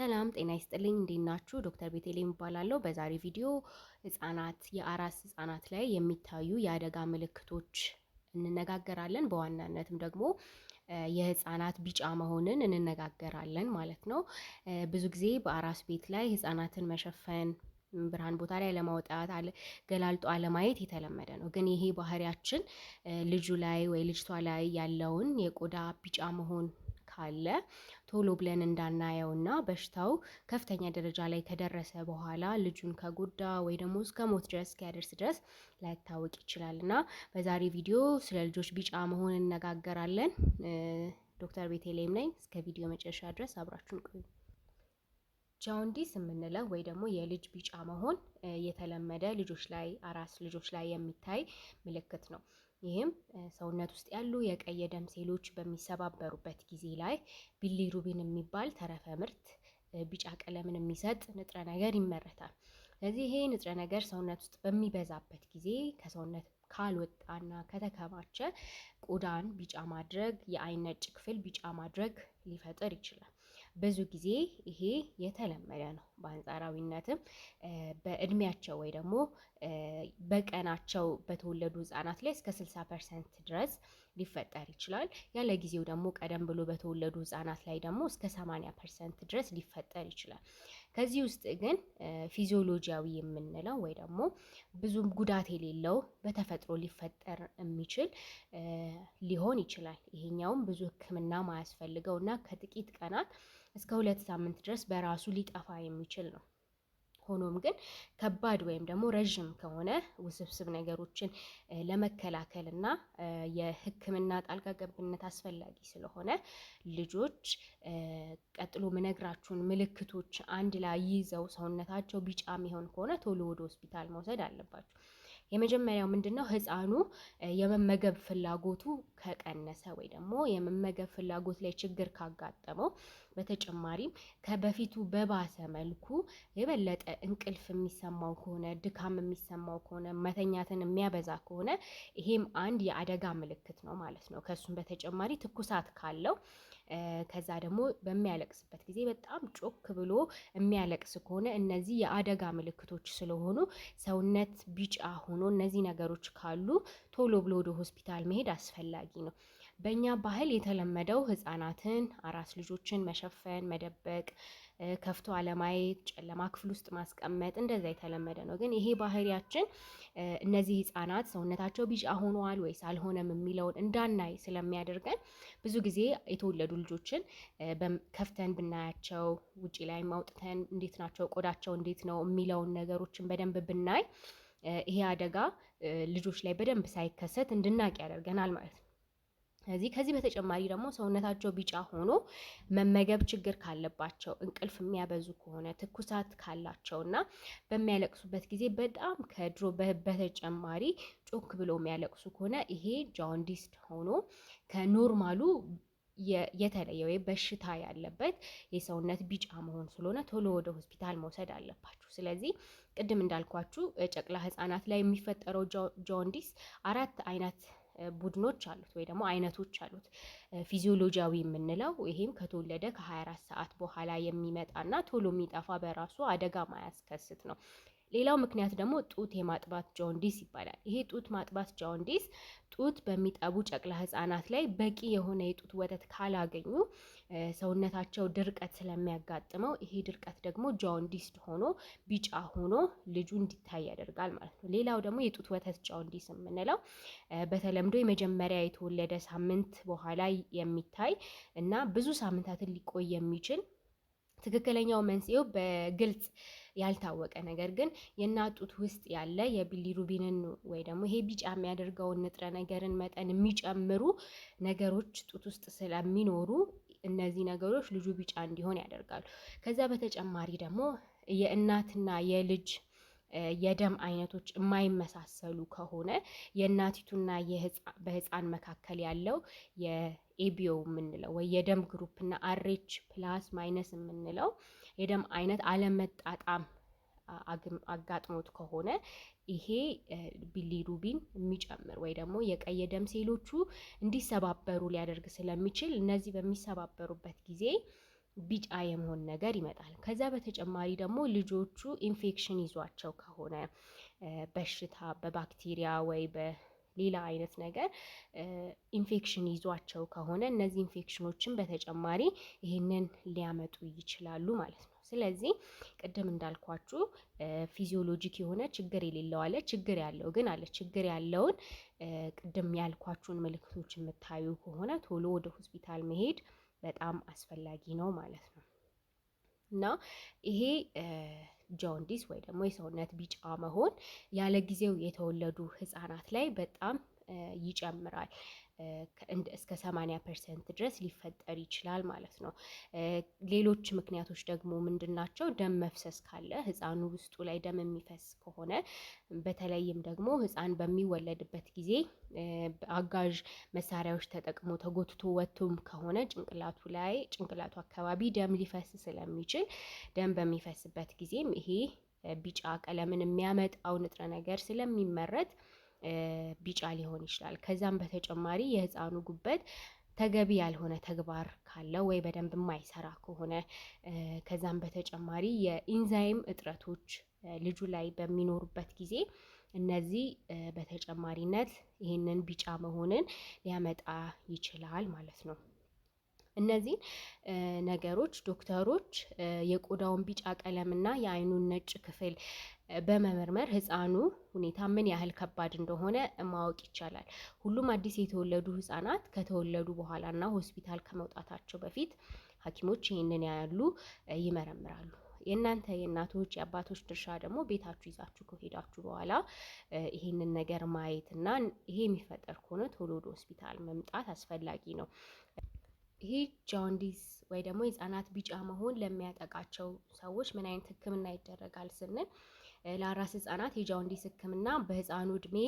ሰላም ጤና ይስጥልኝ፣ እንዴት ናችሁ? ዶክተር ቤቴሌ እባላለሁ። በዛሬ ቪዲዮ ህጻናት የአራስ ህጻናት ላይ የሚታዩ የአደጋ ምልክቶች እንነጋገራለን። በዋናነትም ደግሞ የህጻናት ቢጫ መሆንን እንነጋገራለን ማለት ነው። ብዙ ጊዜ በአራስ ቤት ላይ ህጻናትን መሸፈን ብርሃን ቦታ ላይ ለማውጣት ገላልጦ አለማየት የተለመደ ነው። ግን ይሄ ባህሪያችን ልጁ ላይ ወይ ልጅቷ ላይ ያለውን የቆዳ ቢጫ መሆን ካለ ቶሎ ብለን እንዳናየውና በሽታው ከፍተኛ ደረጃ ላይ ከደረሰ በኋላ ልጁን ከጎዳ ወይ ደግሞ እስከ ሞት ድረስ እስኪያደርስ ድረስ ላይታወቅ ይችላል እና በዛሬ ቪዲዮ ስለ ልጆች ቢጫ መሆን እነጋገራለን። ዶክተር ቤቴሌም ነኝ። እስከ ቪዲዮ መጨረሻ ድረስ አብራችሁን ቆዩ። ጃውንዲስ የምንለው ወይ ደግሞ የልጅ ቢጫ መሆን የተለመደ ልጆች ላይ አራስ ልጆች ላይ የሚታይ ምልክት ነው። ይህም ሰውነት ውስጥ ያሉ የቀይ ደም ሴሎች በሚሰባበሩበት ጊዜ ላይ ቢሊሩቢን የሚባል ተረፈ ምርት ቢጫ ቀለምን የሚሰጥ ንጥረ ነገር ይመረታል። ስለዚህ ይሄ ንጥረ ነገር ሰውነት ውስጥ በሚበዛበት ጊዜ ከሰውነት ካልወጣና ከተከማቸ ቆዳን ቢጫ ማድረግ፣ የአይን ነጭ ክፍል ቢጫ ማድረግ ሊፈጥር ይችላል። ብዙ ጊዜ ይሄ የተለመደ ነው። በአንጻራዊነትም በእድሜያቸው ወይ ደግሞ በቀናቸው በተወለዱ ህጻናት ላይ እስከ 60 ፐርሰንት ድረስ ሊፈጠር ይችላል። ያለ ጊዜው ደግሞ ቀደም ብሎ በተወለዱ ህጻናት ላይ ደግሞ እስከ 80 ፐርሰንት ድረስ ሊፈጠር ይችላል። ከዚህ ውስጥ ግን ፊዚዮሎጂያዊ የምንለው ወይ ደግሞ ብዙም ጉዳት የሌለው በተፈጥሮ ሊፈጠር የሚችል ሊሆን ይችላል። ይሄኛውም ብዙ ሕክምና ማያስፈልገው እና ከጥቂት ቀናት እስከ ሁለት ሳምንት ድረስ በራሱ ሊጠፋ የሚችል ነው። ሆኖም ግን ከባድ ወይም ደግሞ ረዥም ከሆነ ውስብስብ ነገሮችን ለመከላከል እና የሕክምና ጣልቃ ገብነት አስፈላጊ ስለሆነ ልጆች ቀጥሎ ምነግራችሁን ምልክቶች አንድ ላይ ይዘው ሰውነታቸው ቢጫ የሚሆን ከሆነ ቶሎ ወደ ሆስፒታል መውሰድ አለባቸው። የመጀመሪያው ምንድን ነው? ህፃኑ የመመገብ ፍላጎቱ ከቀነሰ ወይ ደግሞ የመመገብ ፍላጎት ላይ ችግር ካጋጠመው፣ በተጨማሪም ከበፊቱ በባሰ መልኩ የበለጠ እንቅልፍ የሚሰማው ከሆነ፣ ድካም የሚሰማው ከሆነ፣ መተኛትን የሚያበዛ ከሆነ ይሄም አንድ የአደጋ ምልክት ነው ማለት ነው። ከእሱም በተጨማሪ ትኩሳት ካለው ከዛ ደግሞ በሚያለቅስበት ጊዜ በጣም ጮክ ብሎ የሚያለቅስ ከሆነ እነዚህ የአደጋ ምልክቶች ስለሆኑ ሰውነት ቢጫ ሆኖ እነዚህ ነገሮች ካሉ ቶሎ ብሎ ወደ ሆስፒታል መሄድ አስፈላጊ ነው። በእኛ ባህል የተለመደው ህጻናትን፣ አራስ ልጆችን መሸፈን፣ መደበቅ ከፍቶ አለማየት፣ ጨለማ ክፍል ውስጥ ማስቀመጥ እንደዛ የተለመደ ነው። ግን ይሄ ባህሪያችን እነዚህ ህጻናት ሰውነታቸው ቢጫ ሆነዋል ወይስ አልሆነም የሚለውን እንዳናይ ስለሚያደርገን ብዙ ጊዜ የተወለዱ ልጆችን ከፍተን ብናያቸው ውጪ ላይ ማውጥተን እንዴት ናቸው ቆዳቸው እንዴት ነው የሚለውን ነገሮችን በደንብ ብናይ ይሄ አደጋ ልጆች ላይ በደንብ ሳይከሰት እንድናቅ ያደርገናል ማለት ነው። ስለዚህ ከዚህ በተጨማሪ ደግሞ ሰውነታቸው ቢጫ ሆኖ መመገብ ችግር ካለባቸው፣ እንቅልፍ የሚያበዙ ከሆነ፣ ትኩሳት ካላቸው እና በሚያለቅሱበት ጊዜ በጣም ከድሮ በተጨማሪ ጮክ ብሎ የሚያለቅሱ ከሆነ ይሄ ጃውንዲስት ሆኖ ከኖርማሉ የተለየ ወይ በሽታ ያለበት የሰውነት ቢጫ መሆን ስለሆነ ቶሎ ወደ ሆስፒታል መውሰድ አለባችሁ። ስለዚህ ቅድም እንዳልኳችሁ ጨቅላ ሕጻናት ላይ የሚፈጠረው ጃውንዲስ አራት አይነት ቡድኖች አሉት ወይ ደግሞ አይነቶች አሉት። ፊዚዮሎጂያዊ የምንለው ይሄም ከተወለደ ከ24 ሰዓት በኋላ የሚመጣና ቶሎ የሚጠፋ በራሱ አደጋ ማያስከስት ነው። ሌላው ምክንያት ደግሞ ጡት የማጥባት ጆንዲስ ይባላል። ይሄ ጡት ማጥባት ጆንዲስ ጡት በሚጠቡ ጨቅላ ህጻናት ላይ በቂ የሆነ የጡት ወተት ካላገኙ ሰውነታቸው ድርቀት ስለሚያጋጥመው ይሄ ድርቀት ደግሞ ጆንዲስ ሆኖ ቢጫ ሆኖ ልጁ እንዲታይ ያደርጋል ማለት ነው። ሌላው ደግሞ የጡት ወተት ጆንዲስ የምንለው በተለምዶ የመጀመሪያ የተወለደ ሳምንት በኋላ የሚታይ እና ብዙ ሳምንታትን ሊቆይ የሚችል ትክክለኛው መንስኤው በግልጽ ያልታወቀ ነገር ግን የናጡት ውስጥ ያለ የቢሊሩቢንን ወይ ደግሞ ይሄ ቢጫ የሚያደርገውን ንጥረ ነገርን መጠን የሚጨምሩ ነገሮች ጡት ውስጥ ስለሚኖሩ እነዚህ ነገሮች ልጁ ቢጫ እንዲሆን ያደርጋሉ። ከዛ በተጨማሪ ደግሞ የእናትና የልጅ የደም አይነቶች የማይመሳሰሉ ከሆነ የእናቲቱና በህፃን መካከል ያለው የኤቢዮ የምንለው ወይ የደም ግሩፕና አሬች ፕላስ ማይነስ የምንለው የደም አይነት አለመጣጣም አጋጥሞት ከሆነ ይሄ ቢሊሩቢን የሚጨምር ወይ ደግሞ የቀይ ደም ሴሎቹ እንዲሰባበሩ ሊያደርግ ስለሚችል እነዚህ በሚሰባበሩበት ጊዜ ቢጫ የመሆን ነገር ይመጣል። ከዛ በተጨማሪ ደግሞ ልጆቹ ኢንፌክሽን ይዟቸው ከሆነ በሽታ በባክቴሪያ ወይ ሌላ አይነት ነገር ኢንፌክሽን ይዟቸው ከሆነ እነዚህ ኢንፌክሽኖችን በተጨማሪ ይህንን ሊያመጡ ይችላሉ ማለት ነው። ስለዚህ ቅድም እንዳልኳችሁ ፊዚዮሎጂክ የሆነ ችግር የሌለው አለ፣ ችግር ያለው ግን አለ። ችግር ያለውን ቅድም ያልኳችሁን ምልክቶች የምታዩ ከሆነ ቶሎ ወደ ሆስፒታል መሄድ በጣም አስፈላጊ ነው ማለት ነው እና ይሄ ጆንዲስ ወይ ደግሞ የሰውነት ቢጫ መሆን ያለ ጊዜው የተወለዱ ህጻናት ላይ በጣም ይጨምራል። እስከ 80 ፐርሰንት ድረስ ሊፈጠር ይችላል ማለት ነው። ሌሎች ምክንያቶች ደግሞ ምንድን ናቸው? ደም መፍሰስ ካለ ህፃኑ ውስጡ ላይ ደም የሚፈስ ከሆነ በተለይም ደግሞ ህፃን በሚወለድበት ጊዜ አጋዥ መሳሪያዎች ተጠቅሞ ተጎትቶ ወቶም ከሆነ ጭንቅላቱ ላይ ጭንቅላቱ አካባቢ ደም ሊፈስ ስለሚችል ደም በሚፈስበት ጊዜም ይሄ ቢጫ ቀለምን የሚያመጣው ንጥረ ነገር ስለሚመረት ቢጫ ሊሆን ይችላል። ከዛም በተጨማሪ የህፃኑ ጉበት ተገቢ ያልሆነ ተግባር ካለው ወይ በደንብ የማይሰራ ከሆነ ከዛም በተጨማሪ የኢንዛይም እጥረቶች ልጁ ላይ በሚኖሩበት ጊዜ እነዚህ በተጨማሪነት ይህንን ቢጫ መሆንን ሊያመጣ ይችላል ማለት ነው። እነዚህን ነገሮች ዶክተሮች የቆዳውን ቢጫ ቀለምና የአይኑን ነጭ ክፍል በመመርመር ህፃኑ ሁኔታ ምን ያህል ከባድ እንደሆነ ማወቅ ይቻላል። ሁሉም አዲስ የተወለዱ ህፃናት ከተወለዱ በኋላና ሆስፒታል ከመውጣታቸው በፊት ሐኪሞች ይህንን ያሉ ይመረምራሉ። የእናንተ የእናቶች የአባቶች ድርሻ ደግሞ ቤታችሁ ይዛችሁ ከሄዳችሁ በኋላ ይሄንን ነገር ማየት እና ይሄ የሚፈጠር ከሆነ ቶሎ ወደ ሆስፒታል መምጣት አስፈላጊ ነው። ይሄ ጃንዲስ ወይ ደግሞ የህፃናት ቢጫ መሆን ለሚያጠቃቸው ሰዎች ምን አይነት ህክምና ይደረጋል ስንል ለአራስ ህጻናት የጃውንዲስ ህክምና በህፃኑ እድሜ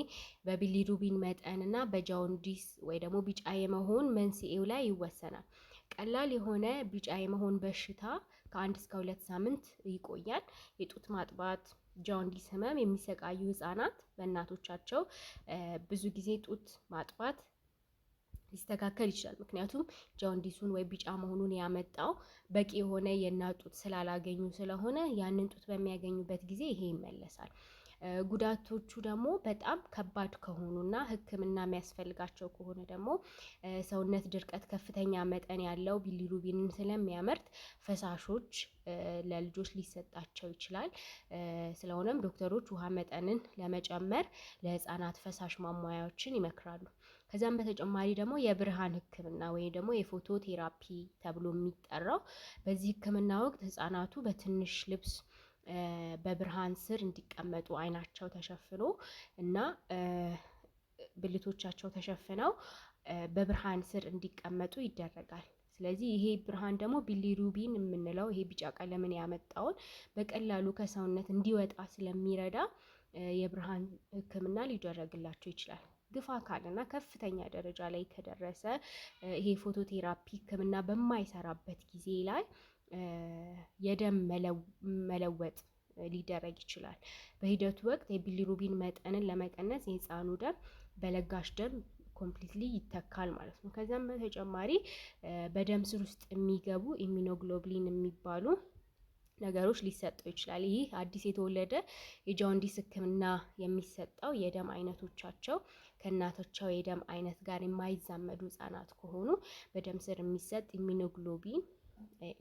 በቢሊሩቢን መጠን እና በጃውንዲስ ወይ ደግሞ ቢጫ የመሆን መንስኤው ላይ ይወሰናል። ቀላል የሆነ ቢጫ የመሆን በሽታ ከአንድ እስከ ሁለት ሳምንት ይቆያል። የጡት ማጥባት ጃውንዲስ ህመም የሚሰቃዩ ህጻናት በእናቶቻቸው ብዙ ጊዜ ጡት ማጥባት ሊስተካከል ይችላል። ምክንያቱም ጃውንዲሱን ወይ ቢጫ መሆኑን ያመጣው በቂ የሆነ የእናት ጡት ስላላገኙ ስለሆነ ያንን ጡት በሚያገኙበት ጊዜ ይሄ ይመለሳል። ጉዳቶቹ ደግሞ በጣም ከባድ ከሆኑና ሕክምና የሚያስፈልጋቸው ከሆነ ደግሞ ሰውነት ድርቀት ከፍተኛ መጠን ያለው ቢሊሩቢንን ስለሚያመርት ፈሳሾች ለልጆች ሊሰጣቸው ይችላል። ስለሆነም ዶክተሮች ውሃ መጠንን ለመጨመር ለህፃናት ፈሳሽ ማሟያዎችን ይመክራሉ። ከዚያም በተጨማሪ ደግሞ የብርሃን ህክምና ወይም ደግሞ የፎቶ ቴራፒ ተብሎ የሚጠራው በዚህ ህክምና ወቅት ህጻናቱ በትንሽ ልብስ በብርሃን ስር እንዲቀመጡ አይናቸው ተሸፍኖ እና ብልቶቻቸው ተሸፍነው በብርሃን ስር እንዲቀመጡ ይደረጋል። ስለዚህ ይሄ ብርሃን ደግሞ ቢሊሩቢን የምንለው ይሄ ቢጫ ቀለምን ያመጣውን በቀላሉ ከሰውነት እንዲወጣ ስለሚረዳ የብርሃን ሕክምና ሊደረግላቸው ይችላል። ግፋ ካለና ከፍተኛ ደረጃ ላይ ከደረሰ ይሄ ፎቶቴራፒ ሕክምና በማይሰራበት ጊዜ ላይ የደም መለወጥ ሊደረግ ይችላል። በሂደቱ ወቅት የቢሊሩቢን መጠንን ለመቀነስ የህፃኑ ደም በለጋሽ ደም ኮምፕሊትሊ ይተካል ማለት ነው። ከዚያም በተጨማሪ በደም ስር ውስጥ የሚገቡ ኢሚኖግሎብሊን የሚባሉ ነገሮች ሊሰጠው ይችላል። ይህ አዲስ የተወለደ የጃውንዲስ ህክምና የሚሰጠው የደም አይነቶቻቸው ከእናቶቻው የደም አይነት ጋር የማይዛመዱ ህጻናት ከሆኑ በደም ስር የሚሰጥ ኢሚኖግሎቢን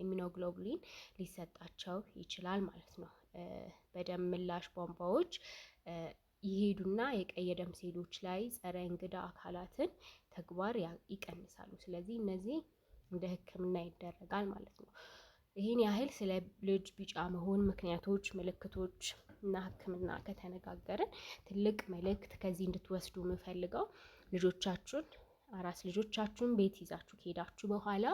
ኢሚኖግሎቡሊን ሊሰጣቸው ይችላል ማለት ነው። በደም ምላሽ ቧንቧዎች ይሄዱና የቀይ ደም ሴሎች ላይ ጸረ እንግዳ አካላትን ተግባር ይቀንሳሉ። ስለዚህ እነዚህ እንደ ሕክምና ይደረጋል ማለት ነው። ይህን ያህል ስለ ልጅ ቢጫ መሆን ምክንያቶች፣ ምልክቶች እና ሕክምና ከተነጋገርን ትልቅ መልእክት ከዚህ እንድትወስዱ የምፈልገው ልጆቻችሁን አራስ ልጆቻችሁን ቤት ይዛችሁ ከሄዳችሁ በኋላ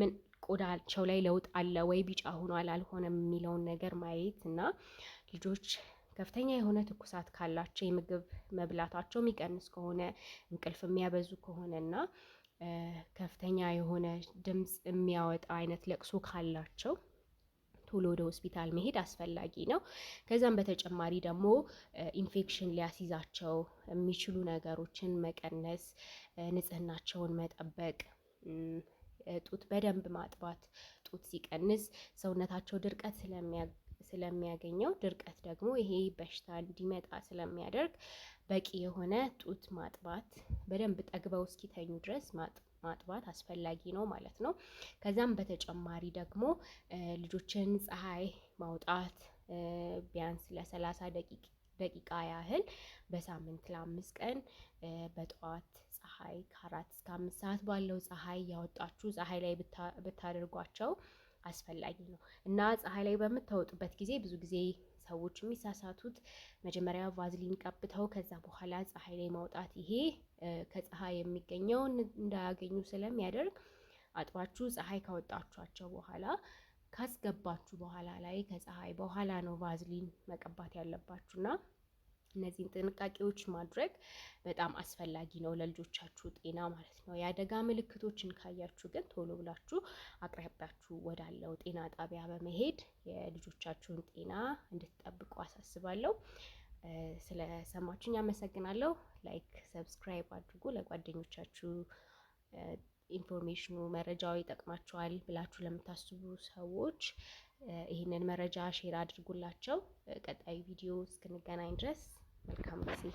ምን ቆዳቸው ላይ ለውጥ አለ ወይ፣ ቢጫ ሆኗል አልሆነም የሚለውን ነገር ማየት እና ልጆች ከፍተኛ የሆነ ትኩሳት ካላቸው የምግብ መብላታቸው የሚቀንስ ከሆነ እንቅልፍ የሚያበዙ ከሆነ እና ከፍተኛ የሆነ ድምፅ የሚያወጣ አይነት ለቅሶ ካላቸው ቶሎ ወደ ሆስፒታል መሄድ አስፈላጊ ነው። ከዛም በተጨማሪ ደግሞ ኢንፌክሽን ሊያስይዛቸው የሚችሉ ነገሮችን መቀነስ፣ ንጽህናቸውን መጠበቅ፣ ጡት በደንብ ማጥባት። ጡት ሲቀንስ ሰውነታቸው ድርቀት ስለሚያገኘው ድርቀት ደግሞ ይሄ በሽታ እንዲመጣ ስለሚያደርግ በቂ የሆነ ጡት ማጥባት፣ በደንብ ጠግበው እስኪተኙ ድረስ ማጥ ማጥባት አስፈላጊ ነው ማለት ነው። ከዛም በተጨማሪ ደግሞ ልጆችን ፀሐይ ማውጣት ቢያንስ ለሰላሳ ደቂቃ ያህል በሳምንት ለአምስት ቀን በጠዋት ፀሐይ ከአራት እስከ አምስት ሰዓት ባለው ፀሐይ ያወጣችሁ ፀሐይ ላይ ብታደርጓቸው አስፈላጊ ነው እና ፀሐይ ላይ በምታወጡበት ጊዜ ብዙ ጊዜ ሰዎች የሚሳሳቱት መጀመሪያ ቫዝሊን ቀብተው ከዛ በኋላ ፀሐይ ላይ ማውጣት። ይሄ ከፀሐይ የሚገኘውን እንዳያገኙ ስለሚያደርግ አጥባችሁ ፀሐይ ካወጣችኋቸው በኋላ ካስገባችሁ በኋላ ላይ ከፀሐይ በኋላ ነው ቫዝሊን መቀባት ያለባችሁና እነዚህን ጥንቃቄዎች ማድረግ በጣም አስፈላጊ ነው ለልጆቻችሁ ጤና ማለት ነው። የአደጋ ምልክቶችን ካያችሁ ግን ቶሎ ብላችሁ አቅራቢያችሁ ወዳለው ጤና ጣቢያ በመሄድ የልጆቻችሁን ጤና እንድትጠብቁ አሳስባለሁ። ስለሰማችሁኝ አመሰግናለሁ። ላይክ፣ ሰብስክራይብ አድርጉ። ለጓደኞቻችሁ ኢንፎርሜሽኑ መረጃው ይጠቅማቸዋል ብላችሁ ለምታስቡ ሰዎች ይህንን መረጃ ሼር አድርጉላቸው። ቀጣዩ ቪዲዮ እስክንገናኝ ድረስ Bakalım.